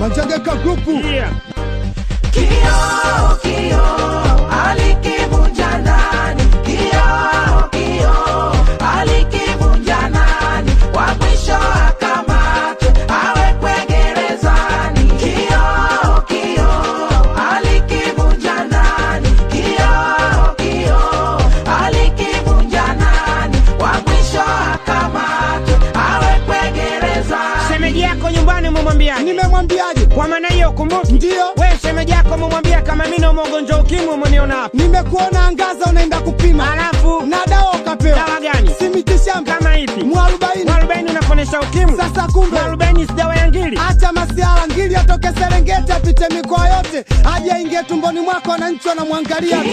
Manjageka Group. Yeah. shemeji yako nyumbani umemwambia? Nimemwambiaje? Kwa maana hiyo kumbuki. Ndio. Wewe shemeji yako umemwambia kama mimi na mgonjwa ukimwi umeniona hapa. Nimekuona angaza unaenda kupima. Alafu na dawa ukapewa. Dawa gani? Si shamba. Kama ipi? Mwarobaini. Mwarobaini unaponesha ukimwi. Sasa kumbe mwarobaini si dawa ya ngili. Acha masiala, ngili atoke Serengeti apite mikoa yote aje ingie tumboni mwako wananchi wanamwangalia.